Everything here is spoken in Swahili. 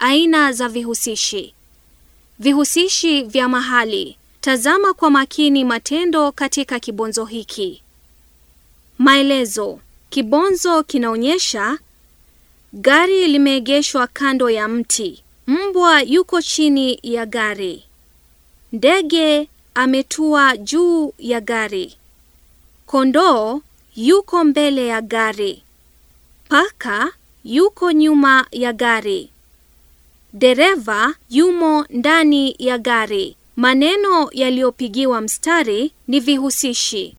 Aina za vihusishi. Vihusishi vya mahali. Tazama kwa makini matendo katika kibonzo hiki. Maelezo. Kibonzo kinaonyesha gari limeegeshwa kando ya mti. Mbwa yuko chini ya gari. Ndege ametua juu ya gari. Kondoo yuko mbele ya gari. Paka yuko nyuma ya gari. Dereva yumo ndani ya gari. Maneno yaliyopigiwa mstari ni vihusishi.